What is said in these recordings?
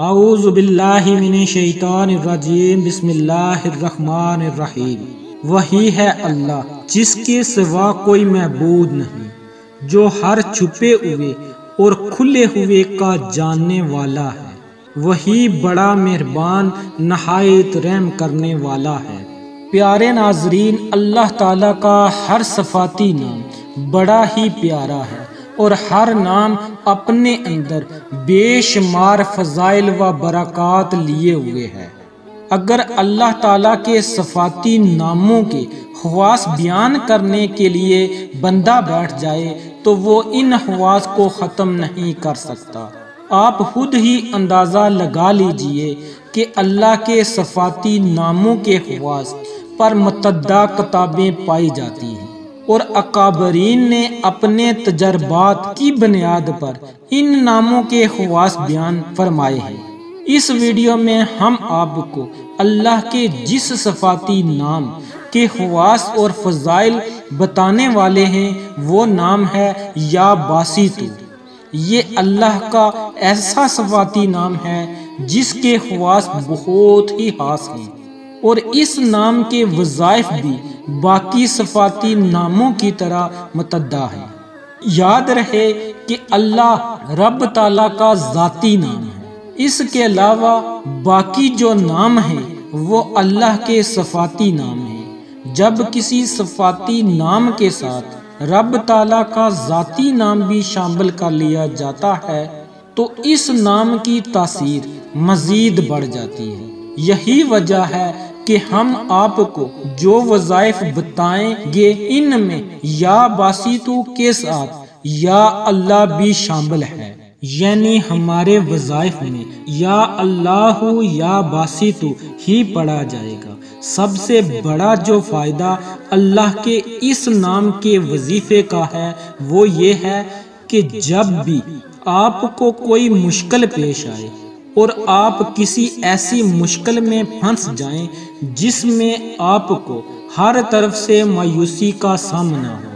اعوذ باللہ من شیطان الرجیم بسم اللہ الرحمن الرحیم وہی ہے اللہ جس کے سوا کوئی معبود نہیں جو ہر چھپے ہوئے اور کھلے ہوئے کا جاننے والا ہے وہی بڑا مہربان نہایت رحم کرنے والا ہے پیارے ناظرین اللہ تعالیٰ کا ہر صفاتی نام بڑا ہی پیارا ہے اور ہر نام اپنے اندر بے شمار فضائل و برکات لیے ہوئے ہے اگر اللہ تعالیٰ کے صفاتی ناموں کے خواص بیان کرنے کے لیے بندہ بیٹھ جائے تو وہ ان خواص کو ختم نہیں کر سکتا آپ خود ہی اندازہ لگا لیجئے کہ اللہ کے صفاتی ناموں کے خواص پر متعدہ کتابیں پائی جاتی اور اکابرین نے اپنے تجربات کی بنیاد پر ان ناموں کے بیان فرمائے ہیں اس ویڈیو میں ہم آپ کو اللہ کے کے جس صفاتی نام اور فضائل بتانے والے ہیں وہ نام ہے یا باسی تو یہ اللہ کا ایسا صفاتی نام ہے جس کے خواص بہت ہی خاص ہیں اور اس نام کے وظائف بھی باقی صفاتی ناموں کی طرح متدہ ہے یاد رہے کہ اللہ رب تعالیٰ کا ذاتی نام ہے اس کے علاوہ باقی جو نام ہیں وہ اللہ کے صفاتی نام ہیں جب کسی صفاتی نام کے ساتھ رب تعالیٰ کا ذاتی نام بھی شامل کر لیا جاتا ہے تو اس نام کی تاثیر مزید بڑھ جاتی ہے یہی وجہ ہے کہ ہم آپ کو جو وظائف بتائیں گے ان میں یا باسی تو اللہ بھی شامل ہے یعنی ہمارے وظائف میں یا اللہ یا باسی تو ہی پڑھا جائے گا سب سے بڑا جو فائدہ اللہ کے اس نام کے وظیفے کا ہے وہ یہ ہے کہ جب بھی آپ کو کوئی مشکل پیش آئے اور آپ کسی ایسی مشکل میں پھنس جائیں جس میں آپ کو ہر طرف سے مایوسی کا سامنا ہو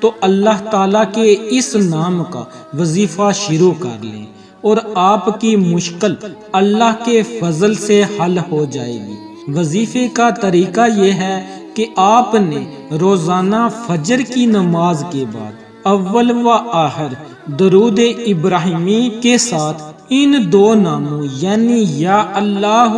تو اللہ تعالیٰ کے اس نام کا وظیفہ شروع کر لیں اور آپ کی مشکل اللہ کے فضل سے حل ہو جائے گی وظیفے کا طریقہ یہ ہے کہ آپ نے روزانہ فجر کی نماز کے بعد اول و آہر درود ابراہیمی کے ساتھ ان دو ناموں یعنی یا اللہ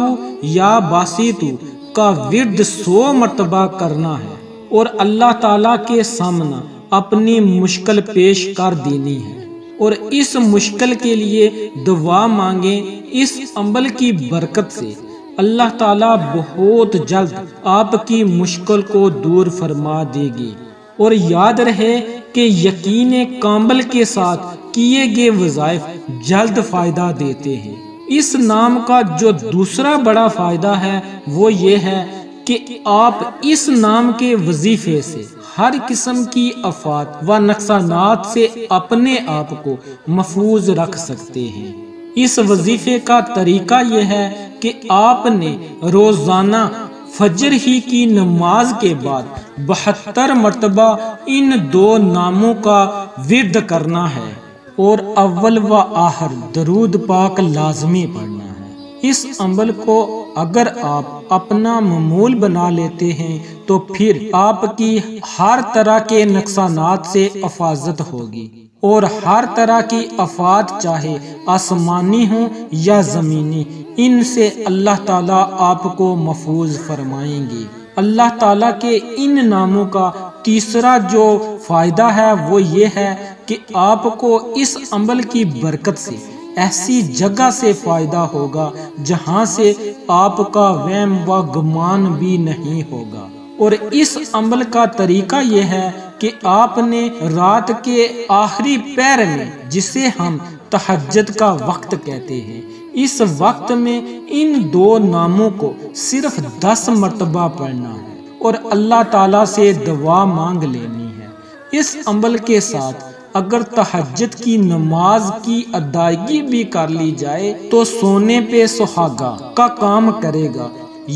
یا باسیتو کا ورد سو مرتبہ کرنا ہے اور اللہ تعالیٰ کے سامنا اپنی مشکل پیش کر دینی ہے اور اس مشکل کے لیے دعا مانگیں اس عمل کی برکت سے اللہ تعالیٰ بہت جلد آپ کی مشکل کو دور فرما دے گی اور یاد رہے کہ یقین کامل کے ساتھ کیے گئے وظائف جلد فائدہ دیتے ہیں اس نام کا جو دوسرا بڑا فائدہ ہے وہ یہ ہے کہ آپ اس نام کے وظیفے سے ہر قسم کی افات و نقصانات سے اپنے آپ کو محفوظ رکھ سکتے ہیں اس وظیفے کا طریقہ یہ ہے کہ آپ نے روزانہ فجر ہی کی نماز کے بعد بہتر مرتبہ ان دو ناموں کا ورد کرنا ہے اور اول و آخر درود پاک لازمی پڑھنا ہے اس عمل کو اگر آپ اپنا معمول بنا لیتے ہیں تو پھر آپ کی ہر طرح کے نقصانات سے حفاظت ہوگی اور ہر طرح کی افات چاہے آسمانی ہوں یا زمینی ان سے اللہ تعالیٰ آپ کو محفوظ فرمائیں گے اللہ تعالیٰ کے ان ناموں کا تیسرا جو فائدہ ہے وہ یہ ہے کہ آپ کو اس عمل کی برکت سے ایسی جگہ سے فائدہ ہوگا جہاں سے آپ کا و گمان بھی نہیں ہوگا اور اس عمل کا طریقہ یہ ہے کہ آپ نے رات کے آخری پیر میں جسے ہم تحجد کا وقت کہتے ہیں اس وقت میں ان دو ناموں کو صرف دس مرتبہ پڑھنا ہے اور اللہ تعالیٰ سے دعا مانگ لینی ہے اس عمل کے ساتھ اگر تحجد کی نماز کی ادائیگی بھی کر لی جائے تو سونے پہ سہاگا کا کام کرے گا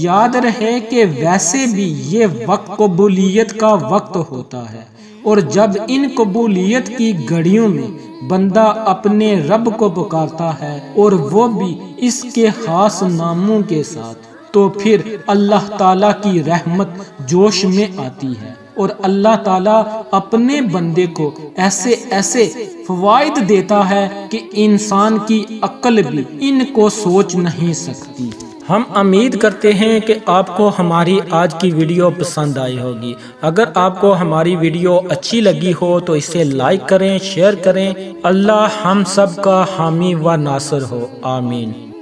یاد رہے کہ ویسے بھی یہ وقت قبولیت کا وقت ہوتا ہے اور جب ان قبولیت کی گھڑیوں میں بندہ اپنے رب کو پکارتا ہے اور وہ بھی اس کے خاص ناموں کے ساتھ تو پھر اللہ تعالیٰ کی رحمت جوش میں آتی ہے اور اللہ تعالیٰ اپنے بندے کو ایسے ایسے فوائد دیتا ہے کہ انسان کی عقل بھی ان کو سوچ نہیں سکتی ہم امید کرتے ہیں کہ آپ کو ہماری آج کی ویڈیو پسند آئی ہوگی اگر آپ کو ہماری ویڈیو اچھی لگی ہو تو اسے لائک کریں شیئر کریں اللہ ہم سب کا حامی و ناصر ہو آمین